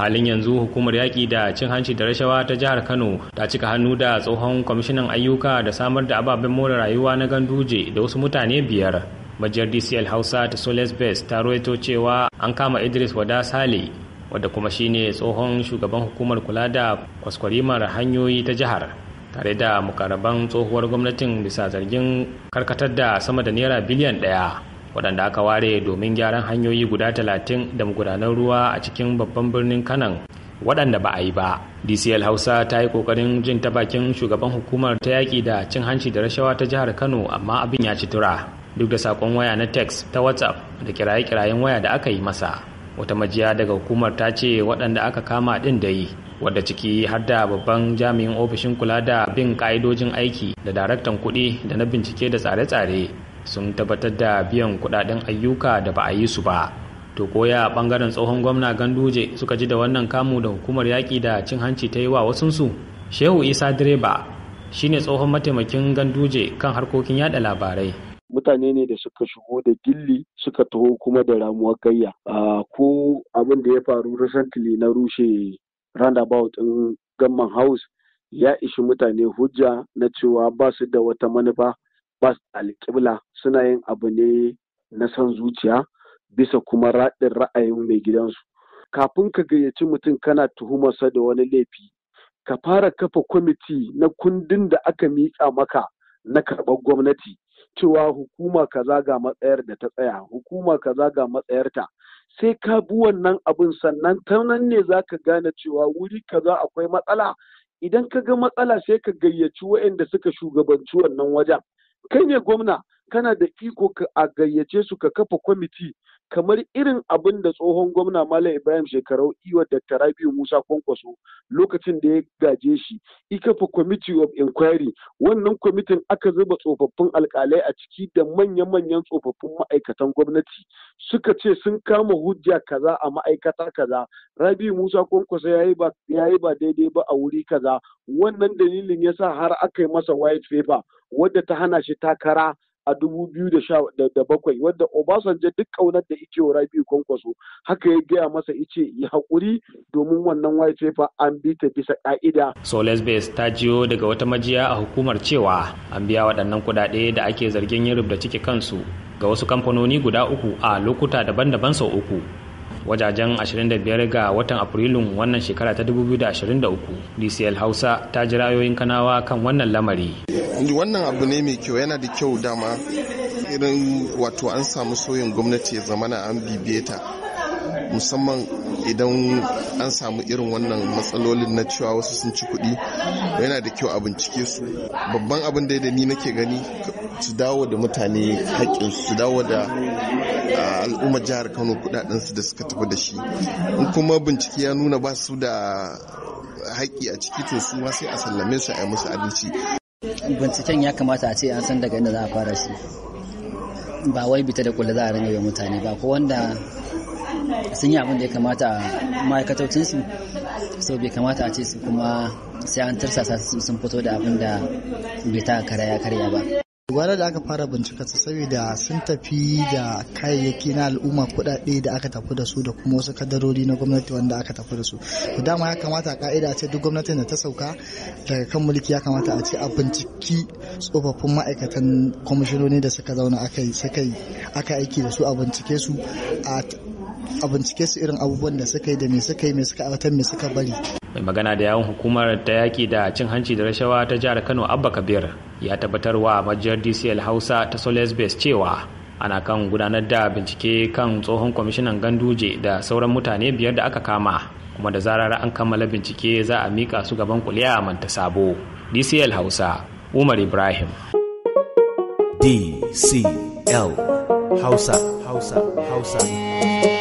halin yanzu hukumar yaƙi da cin hanci da rashawa ta jihar kano ta cika hannu da tsohon kwamishinan ayyuka da samar da ababen more rayuwa na ganduje da wasu mutane biyar majiyar dcl hausa ta soles best ta roito cewa an kama idris wada sale wadda kuma shine tsohon shugaban hukumar kula da kwaskwarimar hanyoyi ta jihar tare da mukarraban tsohuwar gwamnatin bisa zargin karkatar da sama da naira biliyan ɗaya waɗanda aka ware domin gyaran hanyoyi guda talatin da magudanar ruwa a cikin babban birnin kanan waɗanda ba a yi ba dcl hausa ta yi ƙoƙarin jin ta bakin shugaban hukumar ta yaƙi da cin hanci da rashawa ta jihar kano amma abin ya ci tura duk da saƙon waya na text ta whatsapp da kiraye-kirayen waya da aka yi masa wata majiya daga hukumar ta ce waɗanda aka kama ɗin da yi wadda ciki har da babban jami'in ofishin kula da bin ƙa'idojin aiki da daraktan kuɗi da na bincike da tsare-tsare sun tabbatar da biyan kudaden ayyuka da ba a yi su ba to koya bangaren tsohon gwamna ganduje suka ji da wannan kamu da hukumar yaƙi da cin hanci ta yi wa wasunsu shehu isa direba shine tsohon mataimakin ganduje kan harkokin yada labarai mutane ne da suka shigo da gilli suka taho kuma da ramuwar gayya ko abin da ya faru recently na rushe roundabout din gamman house ya ishi mutane hujja na cewa ba su da wata manufa ba su alƙibla suna yin abu ne na san zuciya bisa kuma raɗin ra'ayin mai gidansu kafin ka gayyaci mutum kana tuhumarsa da wani laifi ka fara kafa kwamiti na kundin da aka miƙa maka na karɓar gwamnati cewa hukuma kaza ga matsayar da ta tsaya hukuma kaza ga matsayarta sai ka bi wannan abin sannan ta nan ne za ka gane cewa wuri kaza akwai matsala idan ka ga matsala sai ka gayyaci waɗanda suka shugabanci wannan wajen kai ne gwamna kana da iko a gayyace su ka kafa kwamiti kamar irin abin da tsohon gwamna Malam Ibrahim Shekarau iwa Dr. Rabiu Musa Kwankwaso lokacin da ya gaje shi, ikafa Committee of Inquiry, wannan kwamitin aka zuba tsofaffin alkalai a ciki da manya-manyan tsofaffin ma'aikatan gwamnati suka ce sun kama hujja kaza a ma'aikata kaza, Rabiu Musa Kwankwaso ya yi ba daidai ba a wuri kaza, wannan dalilin ya sa har aka yi masa white paper wadda ta hana shi takara a dubu biyu da bakwai wadda Obasanjo duk kaunar da ice wa rabi Kwankwaso haka ya gaya masa ice ya hakuri domin wannan white paper an bi ta bisa ƙa'ida. Soles Base ta jiyo daga wata majiya a hukumar cewa an biya waɗannan kuɗaɗe da ake zargin yin rubda ciki kansu ga wasu kamfanoni guda uku a lokuta daban-daban sau uku. wajajen 25 ga watan afrilun wannan shekara ta 2023 dcl hausa ta ji rayoyin kanawa kan wannan lamari wannan abu ne mai kyau yana da kyau dama irin wato an samu soyin gwamnati ya zamana an bibiye ta musamman idan an samu irin wannan matsalolin na cewa wasu sun ci kuɗi yana da kyau a bincike su babban abin da ni nake gani su dawo da mutane haƙƙinsu, su dawo da al'ummar jihar kano kuɗaɗensu da suka tafi da shi in kuma bincike ya nuna ba su da haƙƙi a ciki to su ma sai a sallame su a yi musu adalci binciken ya kamata a ce an san daga inda za a fara shi ba wai bita da kula za a ringa mutane ba ko wanda sun yi abin da ya kamata a ma'aikatocinsu so bai kamata a ce su kuma sai an tarsasa sun fito da abin da bai ta karaya karya ba gwada da aka fara bincika su saboda sun tafi da kayayyaki na al'umma kuɗaɗe da aka tafi da su da kuma wasu kadarori na gwamnati wanda aka tafi da su to dama ya kamata a ka'ida a ce duk gwamnatin da ta sauka daga kan mulki ya kamata a ce a binciki tsofaffin ma'aikatan kwamishinoni da suka zauna aka yi aka aiki da su a bincike su a a bincike su irin abubuwan da suka yi da me suka yi me suka aiwatar me suka bari mai magana da yawun hukumar ta yaki da cin hanci da rashawa ta jihar kano abba kabir ya tabbatar wa majiyar dcl hausa ta soles base cewa ana kan gudanar da bincike kan tsohon kwamishinan ganduje da sauran mutane biyar da aka kama kuma da zarar an kammala bincike za a mika su gaban kuliya manta sabo dcl hausa umar ibrahim dcl hausa hausa hausa